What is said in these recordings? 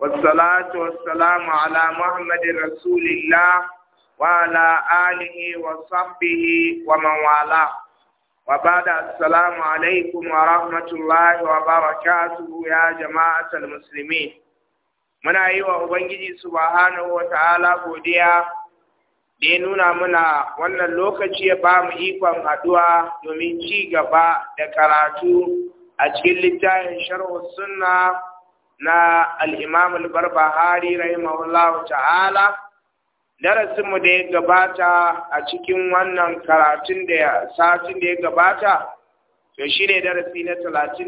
والصلاة والسلام على محمد رسول الله وعلى آله وصحبه ومن والاه وبعد السلام عليكم ورحمة الله وبركاته يا جماعة المسلمين muna yi wa Ubangiji subhanahu wa ta'ala godiya da ya nuna muna wannan lokaci ya ba mu ikon haduwa domin ci gaba da karatu a cikin littafin sharhu sunna na al’imam imam al-Barbahari ta'ala darasin mu da ya gabata a cikin wannan karatun da satin da ya gabata to shi ne darasi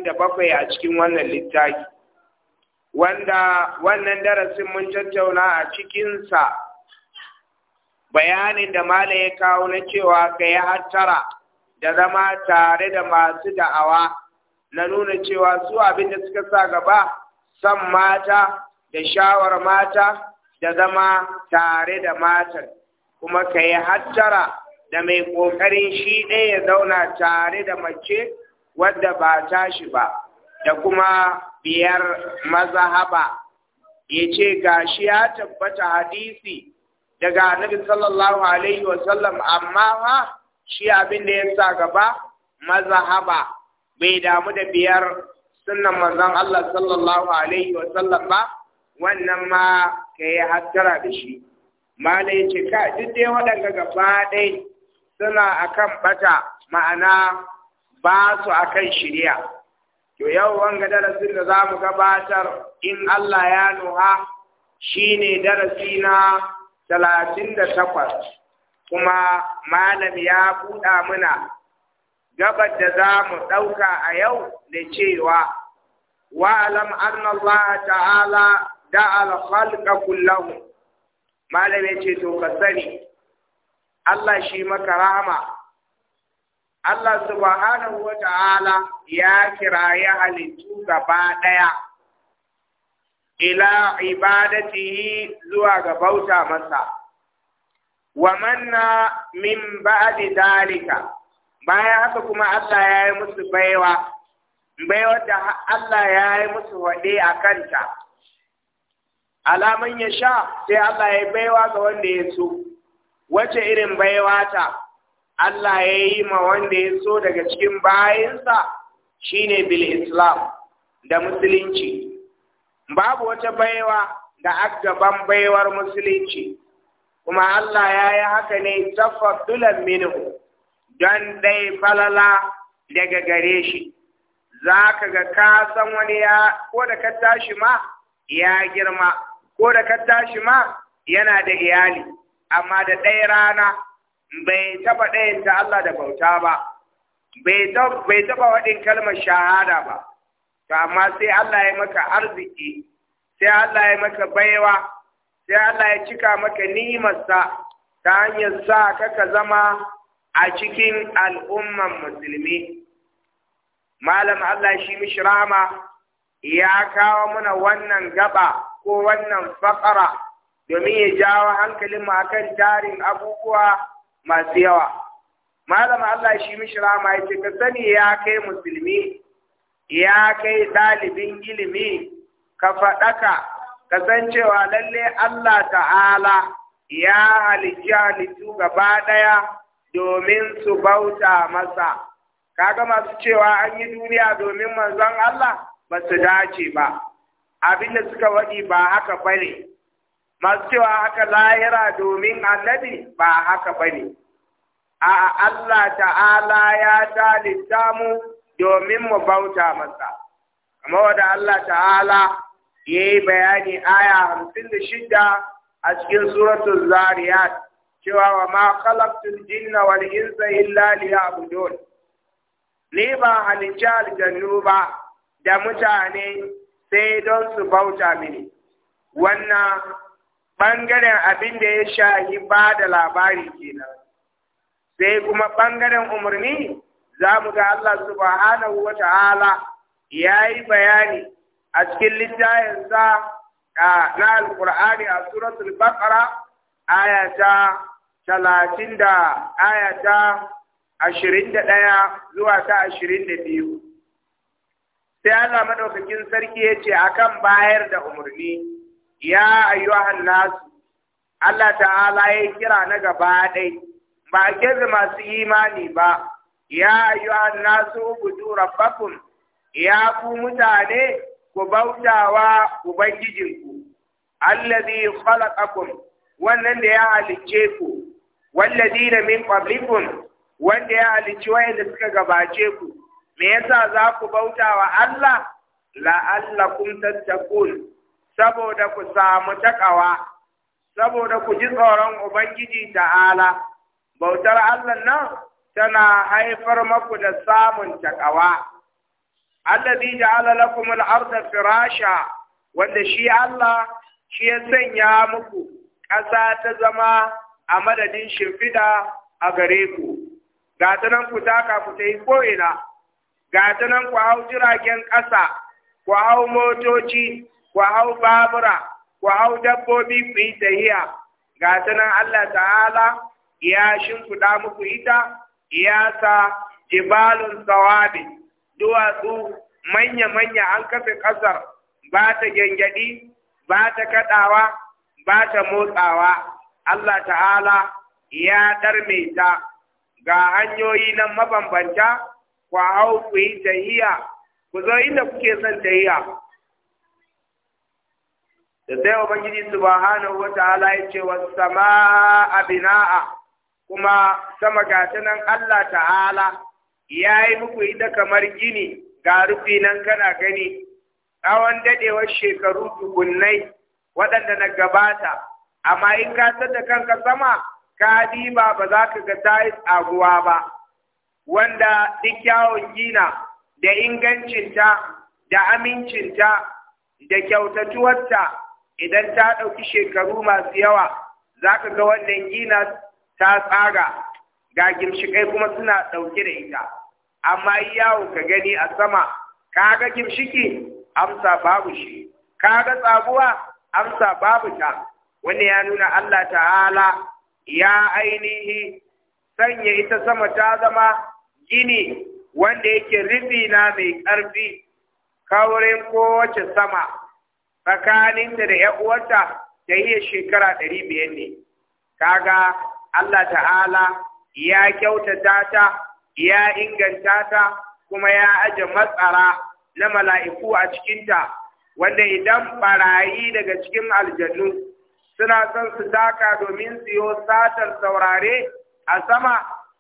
na bakwai a cikin wannan littafi wanda wannan darasin mun tattauna a cikinsa bayanin da mala ya kawo na cewa ka ya hattara da zama tare da masu da'awa na nuna cewa su abin da suka sa gaba son mata da shawar mata da zama tare da matar kuma ka yi hattara da mai ƙoƙarin shi ɗaya ya zauna tare da mace wadda ba tashi ba da kuma biyar mazahaba ya ce gashi ya tabbata hadisi daga annabi sallallahu alaihi wasallam amma ha shi abin da ya sa gaba mazahaba bai damu da biyar sunan manzon Allah sallallahu alaihi wa sallam ba wannan ma ka yi hattara da shi malai ce ka duk dai waɗanda gaba ɗai suna akan bata ma'ana ba su akan shirya to yau wanga darasin da za mu gabatar in Allah ya nuha shine darasi na talatin da takwas kuma malam ya buɗa muna. gabar da za mu ɗauka a yau da cewa wa'alam Allah ta'ala da alhalka kullahu malam ce to ka sani Allah shi maka rahama Allah subhanahu wa ta'ala ya kiraya halittu gaba ɗaya ila ibadatihi zuwa ga bauta masa wa manna min ba'di dalika bayan haka kuma Allah ya yi musu baiwa baiwar da Allah ya yi musu waɗe a kanta Alamun ya sha sai Allah ya yi baiwa ga wanda ya so wace irin baiwa ta Allah ya yi ma wanda ya so daga cikin bayansa shine bil islam da musulunci babu wata baiwa da agaban baiwar musulunci kuma Allah ya yi haka ne tafaddulan minu don dai falala daga gare shi za ka ga ka san wani ya ko da ka tashi ma ya girma ko da ka tashi ma yana da iyali amma da ɗaya rana bai taɓa ɗayanta Allah da bauta ba bai taba waɗin kalmar shahada ba to amma sai Allah ya maka arziki sai Allah ya maka baiwa sai Allah ya cika maka nimarsa ta hanyar sa ka zama a cikin al'umman musulmi malam Allah shi mishi rahama ya kawo muna wannan gaba ko wannan fakara domin ya jawo hankalin mu akan tarin abubuwa masu yawa malam Allah shi mishi rahama ya ce ka sani ya kai musulmi ya kai ɗalibin ilimi ka faɗaka cewa lalle Allah ta'ala ya halicci halittu gaba ɗaya domin su bauta masa kaga masu cewa an yi duniya domin manzon Allah ba su dace ba abin da suka waɗi ba haka bane masu cewa haka lahira domin annabi ba haka bane a Allah ta'ala ya dalita mu domin mu bauta masa kamar wanda Allah ta'ala ya yi bayani aya hamsin da shida a cikin suratul zariyat cewa wa ma khalaqtul jinna wal insa illa liya'budun ni ba halicci aljannu ba da mutane sai don su bauta mini wannan ɓangaren abin da ya shahi ba da labari kenan sai kuma ɓangaren umarni za mu ga Allah subhanahu wa ta'ala ya yi bayani a cikin littafinsa na alkur'ani a suratul baqara aya talatin da aya ta ashirin da ɗaya zuwa ta ashirin da biyu. Sai Allah maɗaukakin sarki ya ce akan bayar da umarni, ya ayyuhan nasu, Allah ta'ala ya kira na gaba ɗai, ba kezi masu imani ba, ya ayyuhan nasu budu rabbakun, ya ku mutane ku bautawa Ubangijinku, allazi khalaqakum wannan da ya halicce ku. walladina min qablikum wanda ya halicci wayanda suka gabace ku me yasa za ku bauta wa Allah la'allakum tattaqun saboda ku samu takawa saboda ku ji tsoron ubangiji ta'ala bautar Allah nan tana haifar maku da samun takawa alladhi ja'ala lakum al-ardha firasha wanda shi Allah shi ya sanya muku ƙasa ta zama a madadin shimfiɗa a gare ku ga ta nan ku taka ku ta yi ko'ina ga ta nan ku hau jiragen ƙasa ku hau motoci ku hau babura ku hau dabbobi ku yi tahiya ga ta nan Allah ta'ala ya shimfiɗa muku ita ya sa jibalun sawabi duwatsu manya-manya an kafe ƙasar ba ta gyangyaɗi ba ta kaɗawa ba ta motsawa Allah ta'ala ya darme ta ga hanyoyi na mabambanta ku hau ku yi tahiya ku zo inda kuke son tahiya da sai ubangiji subhanahu wata'ala ya ce wasu sama'a bina'a kuma sama ga nan Allah ta'ala ya yi muku ita kamar gini ga rufi nan kana gani tsawon dadewar shekaru tukunnai waɗanda na gabata amma in ka da kanka sama ka diba ba za ka ga tayi tsaguwa ba wanda duk yawon gina da ingancinta da amincinta da kyautatuwarta idan ta ɗauki shekaru masu yawa za ka ga wannan gina ta tsara, ga gimshiƙai kuma suna ɗauke da ita amma yawo ka gani a sama ka ga gimshiki amsa babu shi ka ga tsaguwa amsa babu ta wanda ya nuna Allah ta'ala ya ainihi sanya ita sama ta zama gini wanda yake rufi na mai ƙarfi kawarin kowace sama tsakaninta da ‘yan'uwarta ta iya shekara ɗari biyar ne kaga Allah ta'ala ya kyautata ta ya inganta ta kuma ya aje matsara na mala'iku a cikinta wanda idan barayi daga cikin aljannu suna son su daka domin su yi satar saurare a sama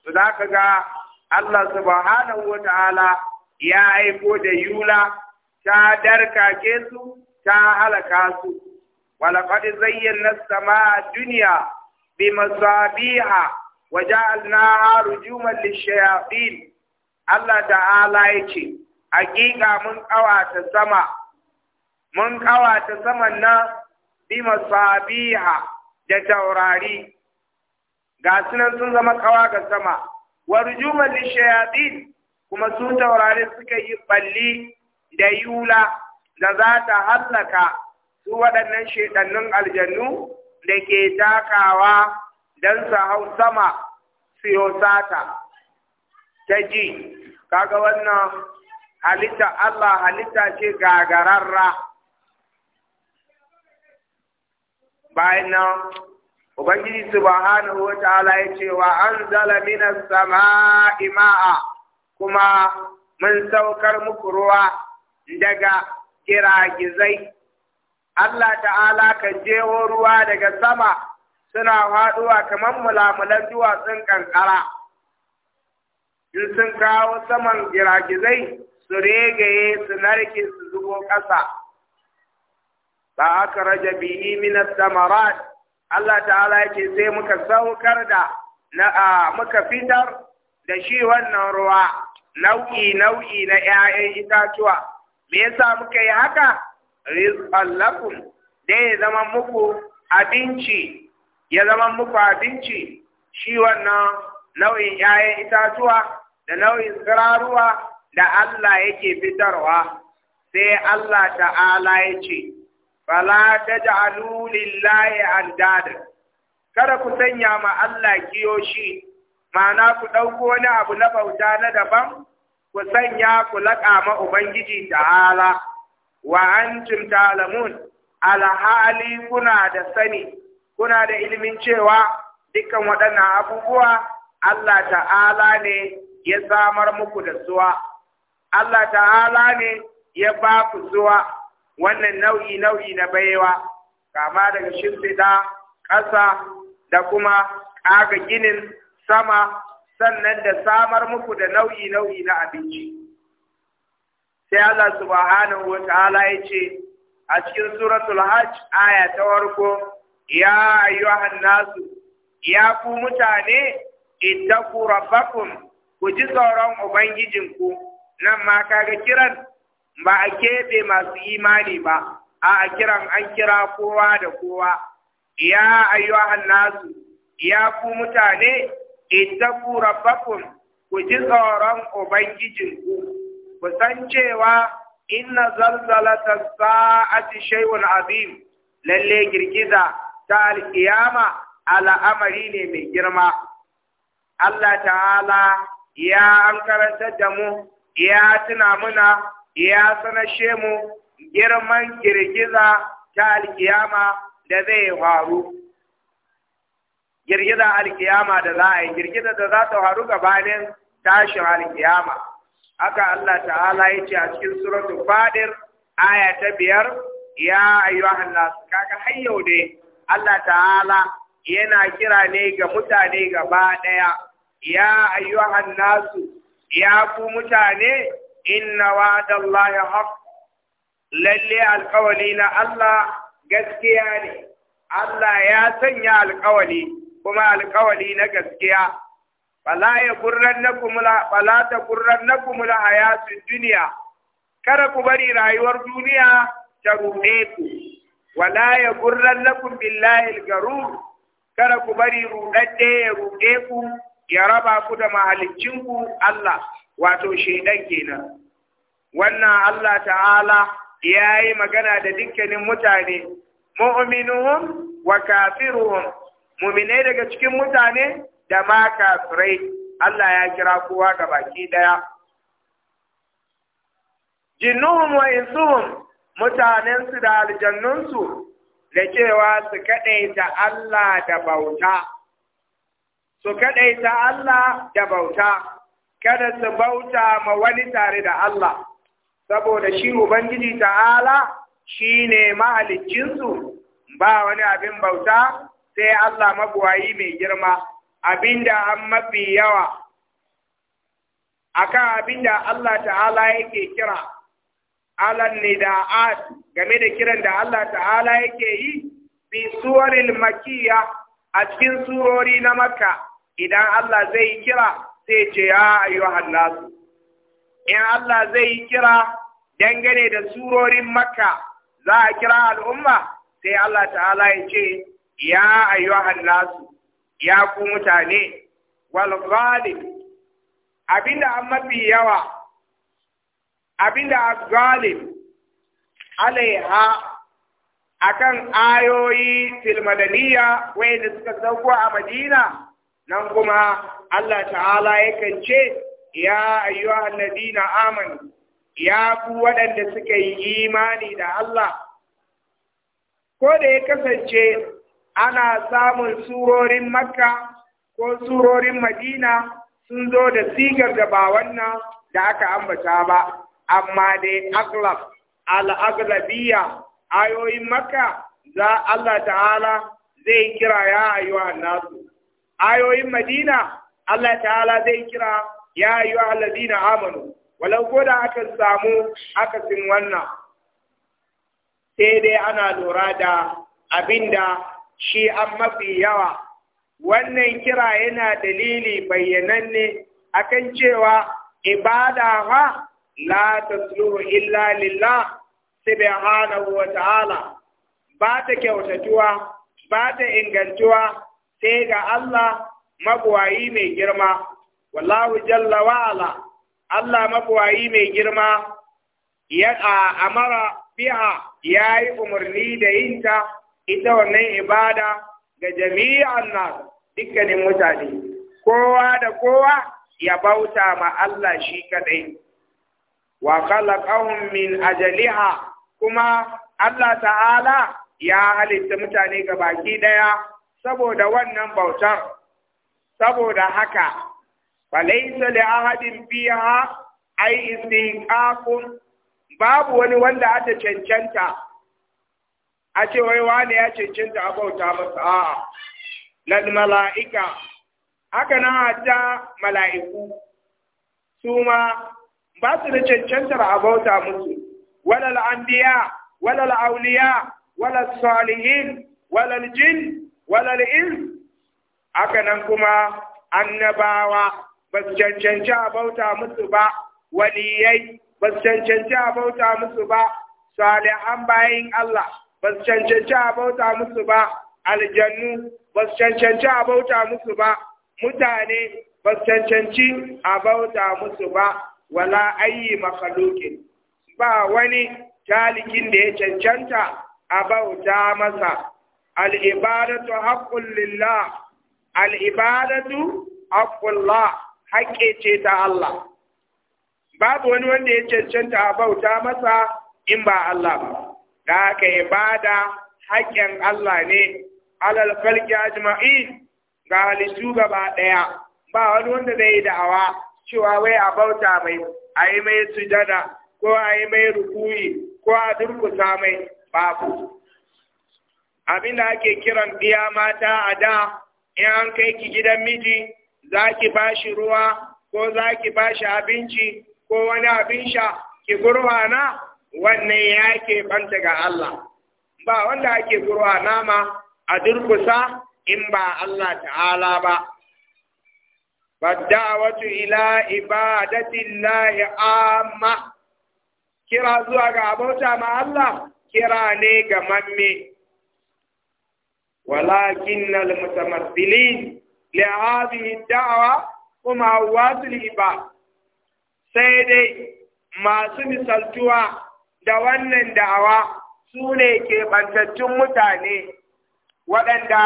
su ka ga Allah subhanahu wa ta’ala ya aiko da yula ta ke su ta halaka su. Walakwadi zayyan na sama duniya bi masabiha waje alnaha rujuman lishayafin Allah ta’ala ya ce, Hakika mun kawata sama, mun saman nan bi masabiha da taurari ga sunan sun zama kawa ga sama wa rujuman lishayatin kuma su taurari suka yi balli da yula da za ta hallaka su waɗannan shaidannun aljannu da ke takawa don su hau sama siyosata ta ji kaga wannan halitta Allah halitta ce gagararra bayan nan ubangiji subhanahu wa ta'ala ya ce wa anzala minas sama'i ma'a kuma mun saukar muku ruwa daga gira-gizai. Allah ta'ala kan jeho ruwa daga sama suna faɗuwa kamar mulamulan duwatsun kankara in sun kawo saman giragizai su regaye su narke su zubo ƙasa fa akraja bihi min ath Allah ta'ala yake sai muka saukar da na muka fitar da shi wannan ruwa nau'i nau'i na 'ya'yan itatuwa me yasa muka yi haka rizqan lakum dai ya zama muku abinci ya zama muku abinci shi wannan nau'in 'ya'yan itatuwa da nau'in tsiraruwa da Allah yake fitarwa sai Allah ta'ala ya ce fala taj'alu lillahi andada kada ku sanya ma Allah kiyoshi ma'ana ku ɗauko wani abu na bauta na daban ku sanya ku laƙa ma ubangiji ta hala wa cin ta'lamun alhali kuna da sani kuna da ilimin cewa dukkan waɗannan abubuwa Allah ta'ala ne ya samar muku da zuwa. Allah ta'ala ne ya ba ku zuwa. wannan nau'i nau'i na baiwa kama daga shimfiɗa ƙasa da kuma ƙaga ginin sama sannan da samar muku da nau'i nau'i na abinci sai Allah subhanahu wa ta'ala ya ce a cikin suratul hajj aya ta farko ya ayyuhan nasu ya ku mutane ittaqu rabbakum ku ji tsoron ubangijinku nan ma kaga kiran ba a keɓe masu imani ba a kiran an kira kowa da kowa ya ayyuhan nasu ya ku mutane ittaku rabbakum ku ji tsoron ubangijinku ku san cewa inna zalzalata sa'ati shay'un azim lalle girgiza ta alkiyama al'amari ne mai girma Allah ta'ala ya an karanta da mu ya tuna muna ya sanashe mu girman girgiza ta alkiyama da zai faru girgiza alkiyama da za a yi girgiza da za ta faru gabanin tashin alkiyama haka Allah ta'ala ya ce a cikin suratu fadir aya ta biyar ya ayyuhan nas kaga har yau dai Allah ta'ala yana kira ne ga mutane gaba daya ya ayyuhan nasu ya ku mutane inna ya haq lalle alqawli na Allah gaskiya ne Allah ya sanya alqawli kuma alqawli na gaskiya fala ya kurrannakum la fala ta kurrannakum la hayatud dunya kada ku bari rayuwar duniya ta ruɗe ku wala ya kurrannakum billahi algarur garur kada ku bari ruɗaɗɗe ya ruɗe ku ya raba ku da ku Allah wato shaidan kenan wannan Allah ta'ala ya yi magana da dukkanin mutane mu'minuhum wa kafiruhum mu'minai daga cikin mutane da ma kafirai Allah ya kira kowa ga baki daya jinnuhum wa insuhum mutanen su da aljannun su da cewa su kadaita Allah da bauta su kadaita Allah da bauta kada su bauta ma wani tare da Allah saboda shi ubangiji ta'ala ne mahaliccinsu ba wani abin bauta sai Allah mabuwayi mai girma abinda an mafi yawa akan abinda Allah ta'ala yake kira alan nida'at game da kiran da Allah ta'ala yake yi fi suwaril makiya a cikin surori na makka idan Allah zai kira sai ce ya ayyuhan nasu in Allah zai kira dangane da surorin makka za a kira al'umma sai Allah ta'ala ya ce ya ayyuhan nasu ya ku mutane wal ghalib abinda an mafi yawa abinda al ghalib alaiha akan ayoyi filmadaniya wayanda suka sauko a Madina nan kuma Allah ta'ala yakan ce ya ayyuhan ladina amanu ya ku waɗanda suka yi imani da Allah ko da ya kasance ana samun surorin makka ko surorin madina sun zo da sigar da ba wannan da aka ambata ba amma dai aglab al'aglabiya ayoyin makka za Allah ta'ala zai kira ya ayyuhan nasu ayoyin madina Allah ta'ala zai kira ya yi wa na amanu walau ko aka samu akasin wannan sai dai ana lura da abinda shi an mafi yawa wannan kira yana dalili bayyananne akan cewa ibada ha la tasluhu illa lillah subhanahu wa ta'ala ba ta kyautatuwa ba ta ingantuwa sai ga Allah mabuwayi mai girma wallahu jalla wa'ala Allah mabuwayi mai girma ya amara biha ya yi umarni da yinta ita wannan ibada ga jami'an nas dukkanin mutane kowa da kowa ya bauta ma Allah shi kadai wa khalaqahum min ajaliha kuma Allah ta'ala ya halitta mutane ga baki daya saboda wannan bautar saboda haka falaisa li ahadin biha ay istiqaqun babu wani wanda aka cancanta a ce wai wani ya cancanta a bauta masa a lal mala'ika haka na hatta mala'iku su ma ba su da cancantar a bauta musu walal anbiya walal auliya walal salihin walal jin walal ins haka nan kuma annabawa ba su cancanci a bauta musu ba waliyai ba su cancanci a bauta musu ba salihan bayin Allah ba su cancanci a bauta musu ba aljannu ba su cancanci a bauta musu ba mutane ba su cancanci a bauta musu ba wala ayi makhluqin ba wani talikin da ya cancanta a bauta masa alibadatu haƙƙun lillah al'ibadatu haƙƙullah haƙƙe ce ta Allah babu wani wanda ya cancanta a bauta masa in ba Allah ba da haka ibada haƙƙin Allah ne alal falki jima'i ga halittu gaba ɗaya ba wani wanda zai yi da'awa cewa wai a bauta mai a yi mai sujada ko a yi mai rukuyi ko a durkusa mai babu abin da ake kiran biya mata a da in an kai ki gidan miji za ki ba shi ruwa ko za ki ba shi abinci ko wani abin sha ki gurwana wannan ya ke banta ga Allah ba wanda ake gurwana ma a durkusa in ba Allah ta'ala ba fadda'awatu ila ibadatillahi amma kira zuwa ga abota ma Allah kira ne ga mamme ولكن المتمثلين لهذه الدعوة هم عوات العباد سيدي ما misaltuwa da wannan da'awa su ne keɓantattun mutane waɗanda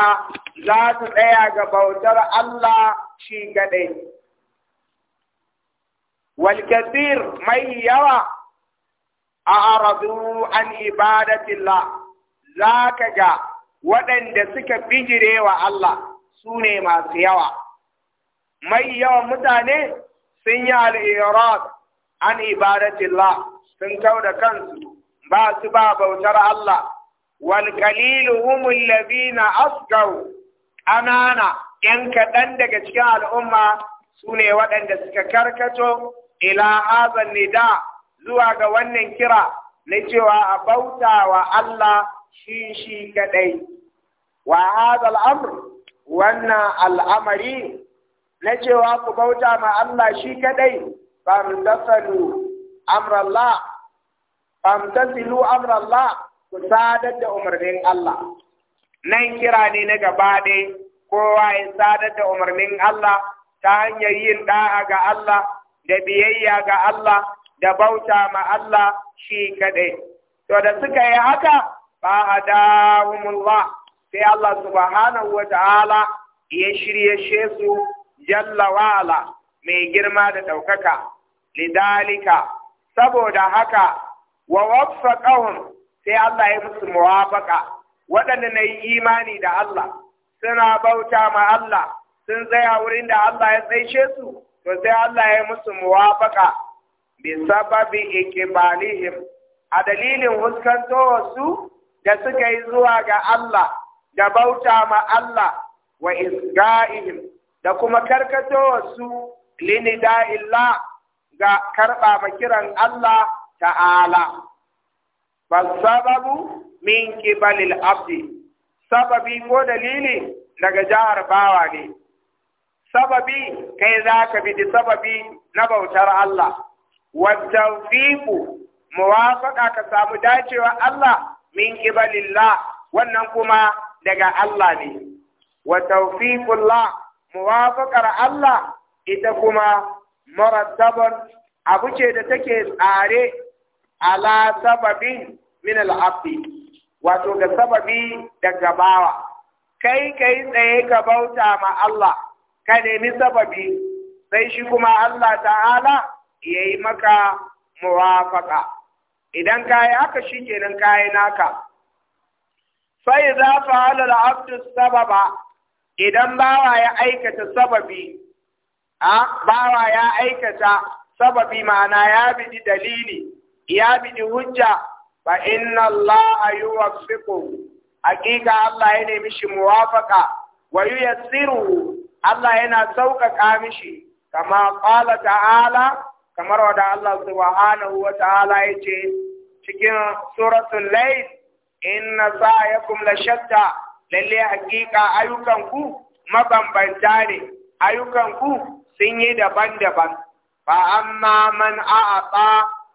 za su tsaya ga bautar Allah shi gaɗai. Walkasir mai yawa A'a arazu an ibadatillah za ka ga waɗanda suka bijire wa Allah su ne masu yawa mai yawan mutane sun yi al’irar an ibadatillah sun kau da kansu ba su ba bautar Allah wal qalilu humul ladina asgaw ƙanana ‘yan kaɗan daga cikin al'umma su ne waɗanda suka karkato ila hazan nida zuwa ga wannan kira na cewa a bauta wa Allah shi shi kaɗai. wa hadha al-amr wannan al'amari na cewa ku bauta ma Allah shi kadai famtasalu amrallah famtasilu amrallah ku sadar da umarnin Allah nan kira ne na gaba dai kowa ya sadar da umarnin Allah ta hanyar yin da'a ga Allah da biyayya ga Allah da bauta ma Allah shi kadai to da suka yi haka ba hadahumullah sai Allah subhanahu wa ta'ala ya shirye su jalla wa'ala mai girma da ɗaukaka, lidalika, saboda haka wa wafaqahum sai Allah ya musu muwafaka waɗanda na yi imani da Allah suna bauta ma Allah sun tsaya wurin da Allah ya tsaishe su to sai Allah ya musu muwafaka bi sababi ikibalihim a dalilin huskantowa wasu da suka yi zuwa ga Allah da bauta ma Allah wa isga'ihim da kuma wa su da illa ga karɓa ma kiran Allah ta'ala. sababu min kibalil abdi, sababi ko dalili daga jihar bawa ne, sababi kai za ka da sababi na bautar Allah, wa tawfiqu muwafaƙa ka samu dacewa Allah min kibalillah wannan kuma daga Allah ne wa kula muwafaqar Allah ita kuma marattaban abu ce da take tsare ala sababin min al-abdi wato da sababi daga bawa kai kai tsaye ka bauta ma Allah ka nemi sababi sai shi kuma Allah ta'ala yi maka muwafaqa idan kayi haka shi nan kayi naka fai za fa'ala da abdu sababa idan bawa ya aikata sababi a bawa ya aikata sababi ma'ana ya bidi dalili ya bidi hujja Ba inna Allah yuwaffiqu hakika Allah ya nemi shi Wayu wa yuyassiru Allah yana sauƙaƙa mishi kama qala ta'ala kamar wada Allah subhanahu wa ta'ala cikin suratun layl inna sa'yakum la shatta lalle hakika ayyukan ku mabambanta ne ayyukan ku sun yi daban-daban fa amma man a'ata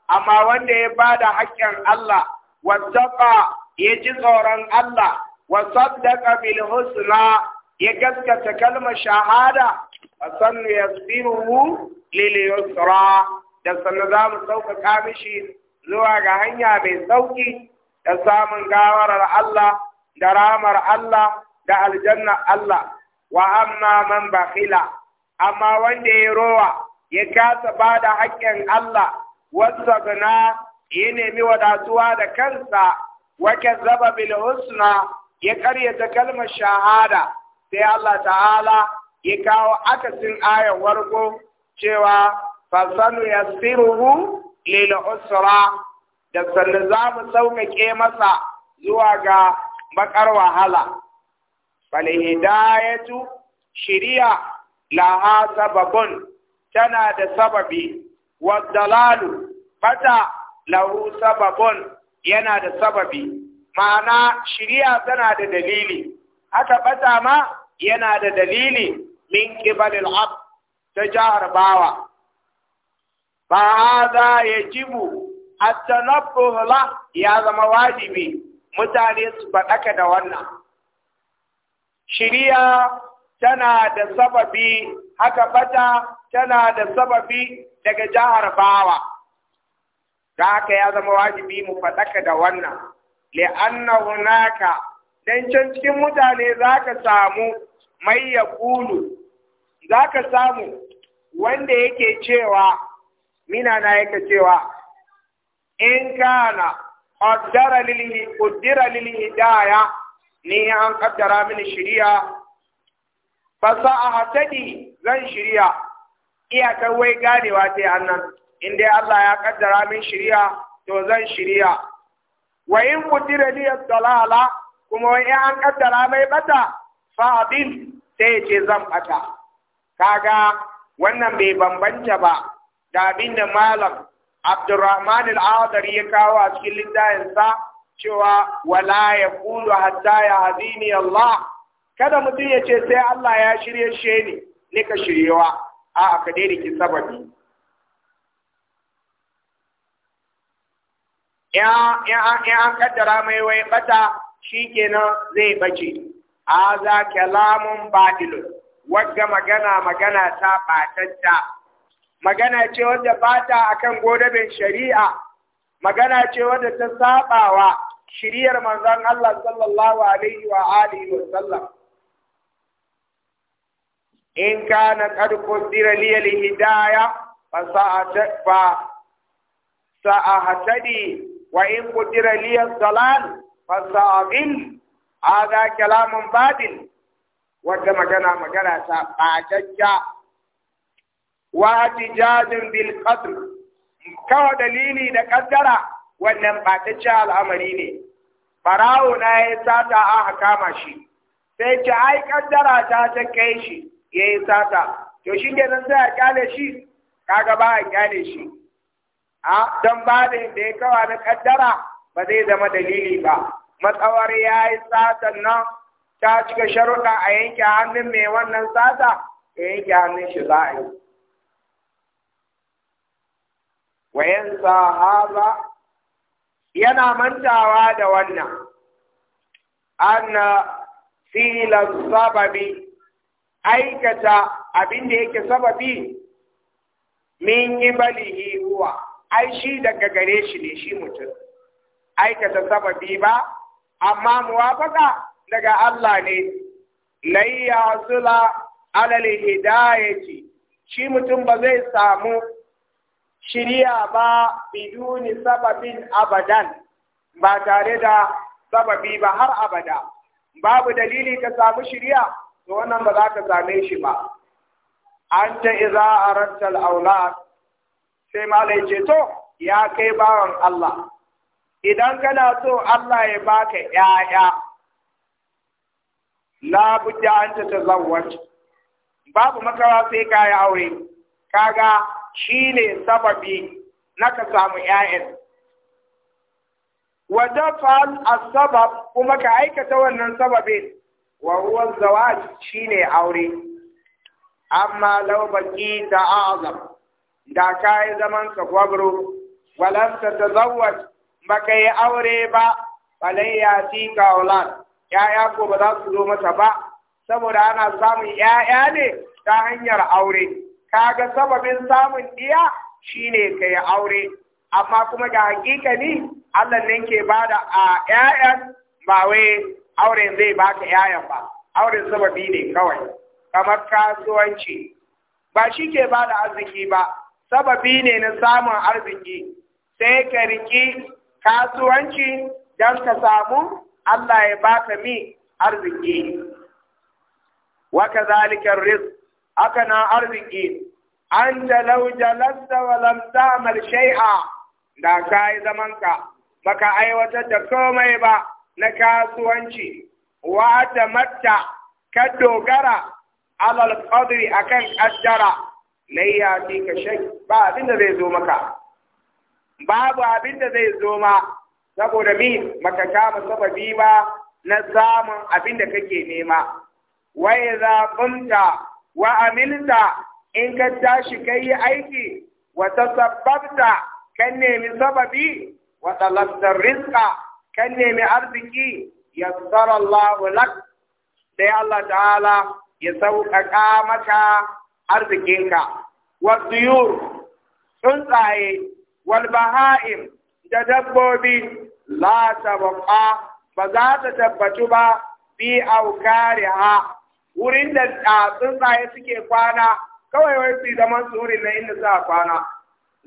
amma wanda ya bada haƙƙin Allah wattaqa ya ji tsoron Allah wa saddaqa bil husna ya gaskata kalmar shahada fa sannu yasbiru lil yusra da sannu za mu sauƙaƙa mishi zuwa ga hanya mai sauƙi da samun gawarar Allah da ramar Allah da aljanna Allah wa amma man bakhila amma wanda ya rowa ya kasa ba da haƙƙin Allah wasa gana ya nemi wadatuwa da kansa wake zaba bil husna ya karyata kalmar shahada sai Allah ta'ala ya kawo akasin ayar warko cewa fasanu yasiruhu lil usra da sannan za mu sauƙaƙe masa zuwa ga bakar wahala bal hidayatu shiriya laha sababun tana da sababi wa dalalu bata lahu sababun yana da sababi ma'ana shiriya tana da dalili haka bata ma yana da dalili min qibalil ab ta jihar bawa ba ya jibu at-tanabbuh ya zama wajibi mutane su faɗaka da wannan shiriya tana da sababi haka bata tana da sababi daga jihar bawa da haka ya zama wajibi mu faɗaka da wannan li'anna hunaka dan can cikin mutane zaka samu mai ya kulu zaka samu wanda yake cewa mina na yake cewa in kana qaddara lil qaddara lil hidaya ni an qaddara min shiriya fa sa'atadi zan shiriya iya ta wai ganewa ta annan in dai Allah ya ƙaddara min shiriya to zan shiriya wa in qaddara lil dalala kuma wai an ƙaddara mai bata fa abin sai ce zan bata kaga wannan bai bambanta ba da abin da malam Abdurrahman al ya kawo a cikin littafin sa cewa wala yaqulu hatta hazini, Allah kada mutum ya ce sai Allah ya shirye shi ne ni ka shiryewa a ka daina ki sababi ya an kaddara mai wai bata shikenan zai bace aza kalamun batilun wagga magana magana ta batacca magana ce wadda ba ta akan godabin shari'a magana ce wadda ta wa shiriyar manzon Allah sallallahu alaihi wa alihi wa sallam in kana qad qudira li al hidaya fa sa'ata fa sa'ahtadi wa in qudira li al dalal fa a hada kalamun badil Wadda magana magana ta batacca wa atijajin bil qadr kawa dalili da kaddara wannan batacce al'amari ne farawo na ya sata a hakama shi sai ce ai kaddara ta ta kai shi ya yi sata to shi nan sai a kyale shi kaga ba a kyale shi a don ba da ya kawa na kaddara ba zai zama dalili ba matsawar ya yi sata nan ta cika sharuɗa a yanke hannun mai wannan sata ya yanke hannun shi za yi wa haza yana mantawa da wannan anna fi'lan sababi aikata abin da yake sababi min qibalihi huwa ai shi daga gare shi ne shi mutum aikata sababi ba amma muwafaka daga Allah ne lai ya zula alal hidayati shi mutum ba zai samu shirya ba biduni sababin abadan ba tare da sababi ba har abada babu dalili ka samu shirya to wannan ba za ka same shi ba an ta iza arantal aulad sai malai ce to ya kai bawan Allah idan kana so Allah ya baka yaya la budda an ta tazawwaj babu makawa sai ka yi aure kaga Shi ne sababi na ka samu ‘ya'yan. Wata fa'al sabab kuma ka aikata wannan sababin, wa ruwan zawaj shi ne aure, amma laubaki da azam, da ka yi zaman ka gwabro, walanta ta zawaj, ba ka yi aure ba, balayya fi kawalan, ‘ya'ya ko ba za su zo mata ba, saboda ana samun ‘ya'ya ne ta hanyar aure. kaga sababin samun ɗiya shine kai aure amma kuma ga hakika ni Allah ne ke bada a ƴaƴan ba wai auren zai baka ƴaƴan ba auren sababi ne kawai kamar kasuwanci ba shi ke bada arziki ba sababi ne na samun arziki sai ka riki kasuwanci don ka samu Allah ya baka mi arziki wa kazalika rizq haka na arziki an jalau jalasta wa lam ta'mal shay'a da kai zaman ka baka aiwatar da komai ba na kasuwanci wa matta, ka dogara alal qadri akan qaddara layya fi ka shay ba abinda zai zo maka babu abinda zai zo ma saboda mi maka kama sababi ba na samun abinda kake nema wa idza qumta wa aminta in ka tashi kai aiki wa tasabbabta kan nemi sababi wa talabta kan nemi arziki yassara Allah lak Allah ta'ala ya sauƙaƙa maka arzikinka wa tsuyur tsuntsaye wal baha'im da dabbobi la tabqa ba za ta tabbatu ba bi aukariha wurin da tsuntsaye suke kwana kawai wai su zaman su wurin na inda za kwana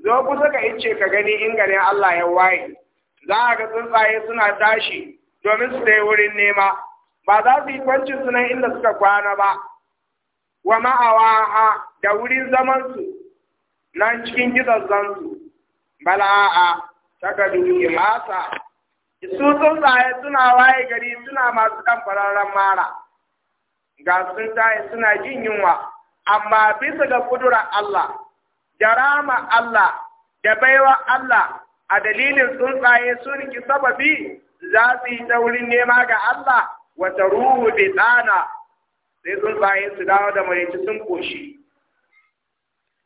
zo kusa ka ice ka gani in garin Allah ya waye za a ga tsuntsaye suna tashi domin su dai wurin nema ba za su yi kwancin su nan inda suka kwana ba wa ma'awaha da wurin zaman su nan cikin gidazzan su a saka duki masa su tsuntsaye suna waye gari suna masu kan fararen mara ga sun tayi suna jin yunwa amma bisa ga kudura Allah da Allah da baiwa Allah a dalilin tsuntsaye sun ki sababi za su yi taurin nema ga Allah wata ruhu bi tsana sai tsuntsaye su dawo da mai sun koshi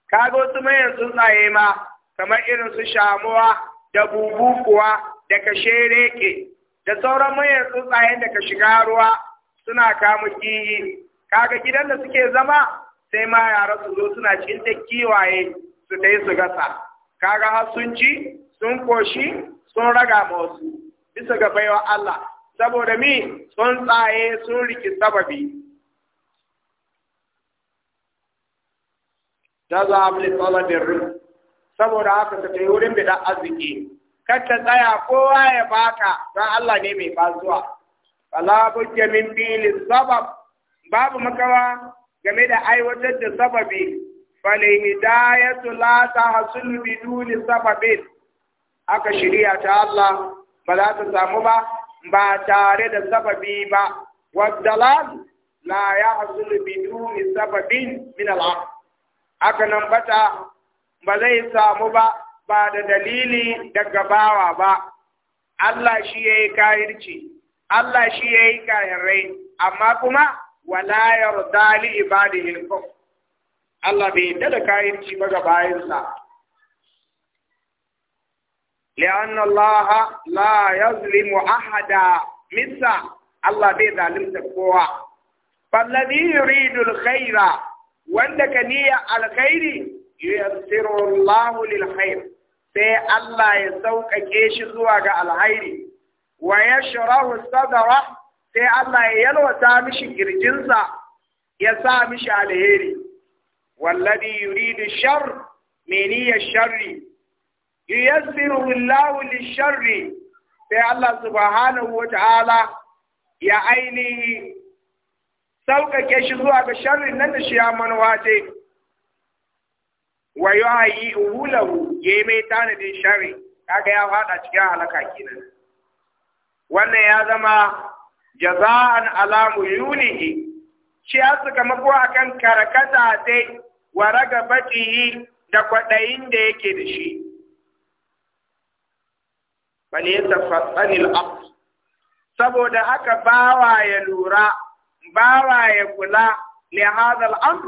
kaga wasu mayan tsuntsaye ma kamar irin su shamuwa da bubu kuwa da kashe reke da sauran mayan tsaye da ka shiga ruwa suna kamun kiyi kaga gidan da suke zama sai ma yara su zo suna cikin ta kiwaye su dai su gasa kaga har sun ci sun koshi sun raga ma bisa ga baiwa Allah saboda mi sun tsaye sun riki sababi da za a fi tsalabin saboda haka ta kai wurin bidan arziki kar ta tsaya kowa ya baka don Allah ne mai bazuwa fala budda min bilin sabab babu makawa game da aiwatar da sababi fali hidayatu la tahsul bidun sababin aka shirya ta Allah ba za ta samu ba tare da sababi ba wadalal la yahsul bidun sababin min al aka nan ba zai samu ba ba da dalili daga bawa ba Allah shi yayi kahirci Allah shi ya yi kahirai amma kuma walayar yarda li ibadihi Allah bai yarda da kayanci ba ga bayansa لأن الله لا يظلم أحدا مثل الله بي ظالمت قوة فالذي wanda ka وندك نية الخير ييسر الله للخير sai Allah ya sauƙaƙe shi zuwa ga alhairi wa shirahu sadara sai Allah ya yalwata mishi girjinsa ya sa mishi alheri wallazi yuridu shar mini ya sharri yuyassiru Allahu lisharri sai Allah subhanahu wata'ala ya ainihi sauƙaƙe shi zuwa ga sharrin nan da shi ya manuwa ce wa yuhayyi ya yi mai tanadin sharri kaga ya fada cikin halaka kenan wannan ya zama jaza'an alamu Yuni shi ya suka mako kan karkata dai wa raga ragabatihi da kwaɗayin da yake da shi bal yatafassani al saboda haka bawa ya lura bawa ya kula li hadha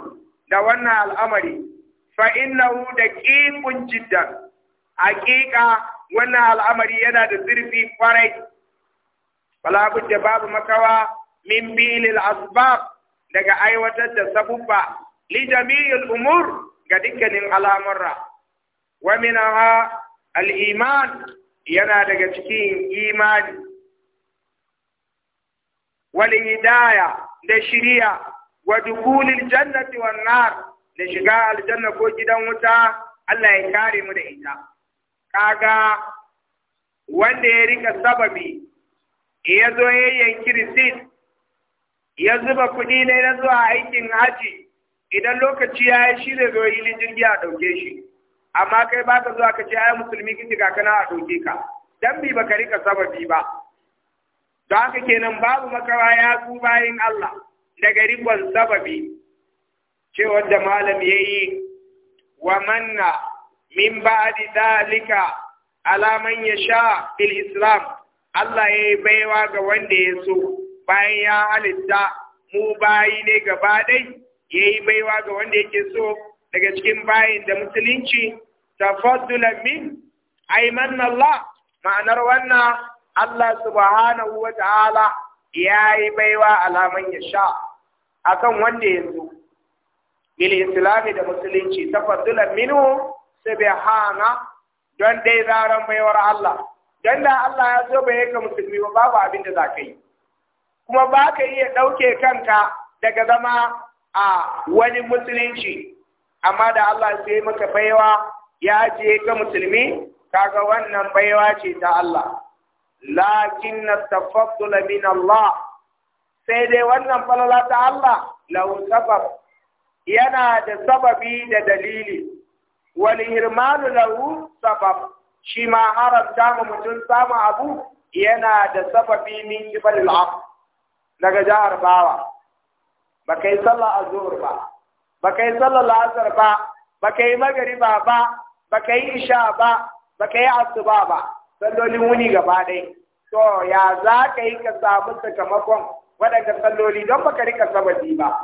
da wannan al'amari fa innahu daqiqun jiddan Haƙiƙa wannan al'amari yana da zurfi kwarai fala babu makawa min bilil asbab daga aiwatar da sabubba li jami'il umur ga dukkanin al'amura wa minha al iman yana daga cikin imani wal hidaya da shiriya wa dukulil jannati wan nar da shiga aljanna ko gidan wuta Allah ya kare mu da ita kaga wanda ya rika sababi iya zo ya yanki risit? ya zuba kuɗi ne na zuwa aikin haji idan lokaci ya yi shi zai zo jirgi a ɗauke shi amma kai ba ka zuwa ka ce ai musulmi kiti ga kana a ɗauke ka dan bi baka rika sababi ba don haka kenan babu makawa ya ku bayin Allah daga rikon sababi cewa da malam ya yi wa manna min ba'di dalika ala man yasha fil islam Allah ya yi baiwa ga wanda ya so bayan ya halitta mu bayi ne gaba dai ya yi baiwa ga wanda yake so daga cikin bayin da musulunci tafaddulan min aiman Allah ma'anar wannan Allah subhanahu wa ta'ala ya yi baiwa alaman ya sha akan wanda ya so bil islami da musulunci tafaddulan minu subhana don dai zaran baiwar Allah dan da Allah ya zo bai ka musulmi ba babu abin da za ka yi kuma ba ka iya ɗauke kanka daga zama a wani musulunci amma da Allah sai maka baiwa ya je ka musulmi kaga wannan baiwa ce ta Allah lakin tafaddul min Allah sai dai wannan falala ta Allah lahu sabab yana da sababi da dalili wal hirmanu lahu sabab shi ma haramta mu mutum samun abu yana da sababi min kibalil af daga jihar bawa ba kai sallar azhur ba ba kai sallar la'asar ba ba kai magariba ba ba kai isha ba ba kai asuba ba sallolin wuni gaba ɗaya to ya za ka yi ka samu sakamakon waɗanda salloli don baka rika sababi ba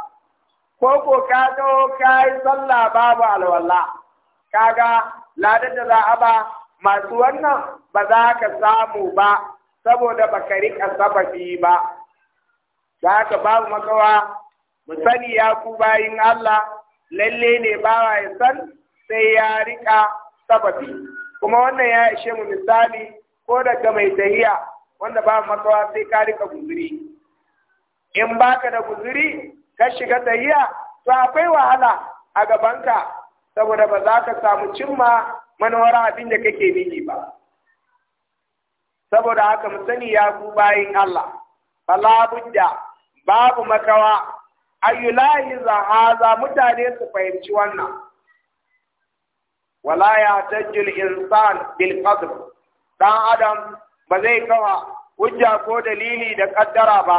ko ko ka zo ka yi sallah babu alwala kaga ladar da za a ba masu wannan ba za ka samu ba saboda ba ka riƙa sababi ba za ka babu makawa mu sani ya ku bayin Allah lalle ne bawa ya san sai ya riƙa sababi kuma wannan ya ishe mu misali ko daga mai tahiya wanda babu makawa sai ka riƙa guzuri in ba ka da guzuri ka shiga tahiya to akwai wahala a gabanka saboda ba za ka samu cimma manowar abin da kake nini ba saboda haka mu sani ya ku bayin Allah fala babu makawa ayyulahi zahaza mutane su fahimci wannan wala ya tajjul insan bil qadr dan adam ba zai kawa hujja ko dalili da kaddara ba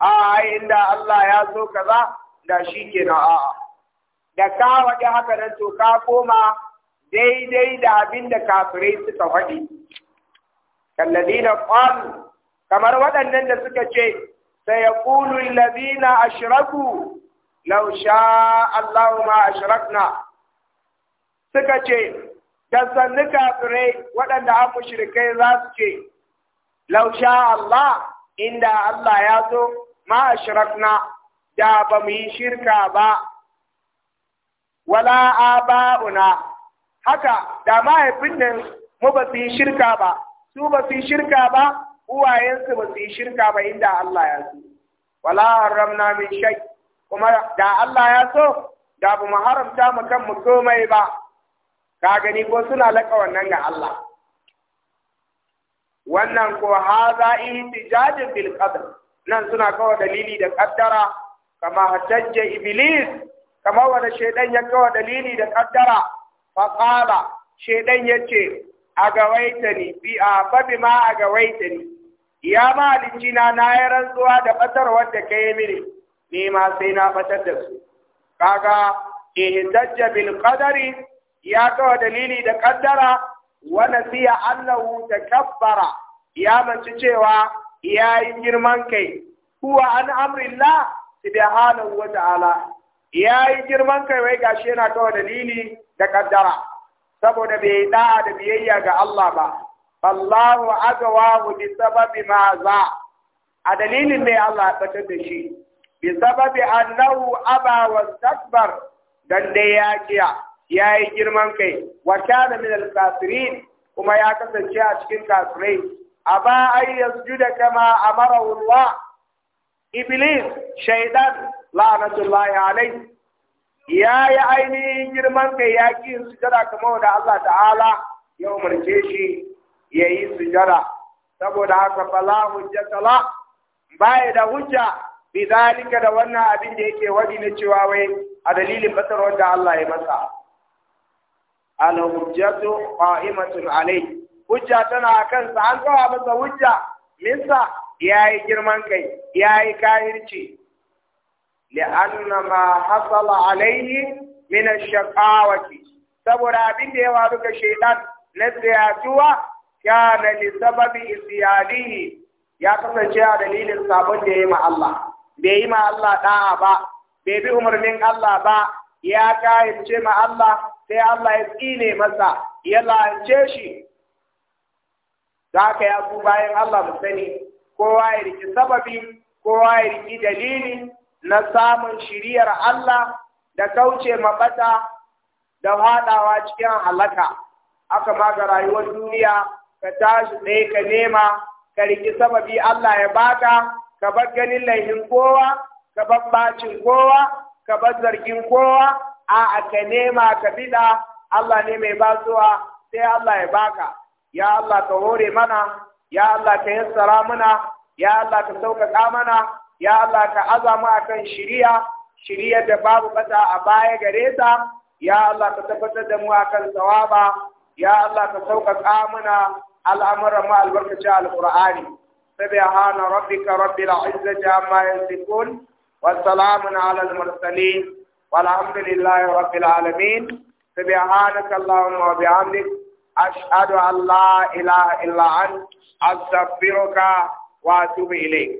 a inda Allah ya so kaza da shi kena a'a da ka waje haka nan to ka koma daidai da abin da kafirai suka faɗi kalladina qalu kamar waɗannan da suka ce sayaqulu alladhina ashraku law sha Allahu ma ashrakna suka ce da kafirai waɗanda an mushrikai za su ce Lausha Allah inda Allah ya so ma ashrakna da ba mu yi shirka ba wala aba'una haka da mahaifin nan mu ba su yi shirka ba su ba su yi shirka ba uwayensu ba su yi shirka ba inda Allah ya so wala haramna min shay kuma da Allah ya so da ba mu haramta mu kan mu komai ba ka gani ko suna laƙa wannan ga Allah wannan ko haza ihtijajin bil qadr nan suna kawo dalili da kaddara kama hatajja iblis kama wanda shaydan ya kawo dalili da ƙaddara. faƙala shaidan ya ce a gawaita ni bi a babi ma a gawaita ni ya ma na na yi rantsuwa da ɓatar wadda ka yi mini ni ma sai na ɓatar da su kaga dajja bil qadari ya kawo dalili da kaddara wa nasiya ta kabbara. ya manci cewa ya yi girman kai huwa an amrillah subhanahu wa ta'ala ya yi girman kai wai gashi yana kawo dalili da kaddara saboda bai yi da biyayya ga Allah ba Allahu agawahu bi sababi ma za a dalilin mai Allah ya da shi bi sababi annahu aba takbar dan da ya kiya ya yi girman kai wa kana min al-kafirin kuma ya kasance a cikin kafirai aba ay kama amara Allah Iblis, shaidan, la'anatullahi alai, ya yi ainihin girman kai yaƙin ƙi yin kamar da Allah ta'ala ya umarce shi ya yi sujada. Saboda haka fala hujjata la baya da hujja bi zalika da wannan abin da yake wadi na cewa wai a dalilin batarwar da Allah ya masa. Al-hujjatu qa'imatun alai. Hujja tana kansa an kawo masa hujja minsa ya yi girman kai ya yi kahirci li'anna ma hasala alaihi min ash saboda abin da ya waru ga shaidan na tsiyatuwa ya li sababi isyanihi ya kasance a dalilin sabon da ya yi ma Allah bai yi ma Allah da'a ba bai bi umarnin Allah ba ya kayance ma Allah sai Allah ya tsine masa ya lance shi za ka ya ku bayan Allah mu sani kowa ya riki sababi kowa ya riki dalili na samun shiriyar Allah da kauce mabata da haɗawa cikin halaka aka ga rayuwar duniya ka tashi tsaye ka nema ka riki sababi Allah ya baka ka bar ganin laihin kowa ka bar bacin kowa ka bar zargin kowa a ka nema ka bida Allah ne mai basuwa sai Allah ya baka ya Allah ka hore mana ya Allah ka yassara mana ya Allah ka sauƙaƙa mana ya Allah ka azama akan shiriya shiriya da babu bata a baya gare ta ya Allah ka tabbatar da mu akan tsawaba ya Allah ka sauƙaƙa mana al'amuran ma albarkaci alqur'ani سبحان ربك رب العزة عما يصفون والسلام على المرسلين والحمد لله رب العالمين سبحانك اللهم وبحمدك أشهد أن لا إله إلا أنت astaghfiruka wa atubu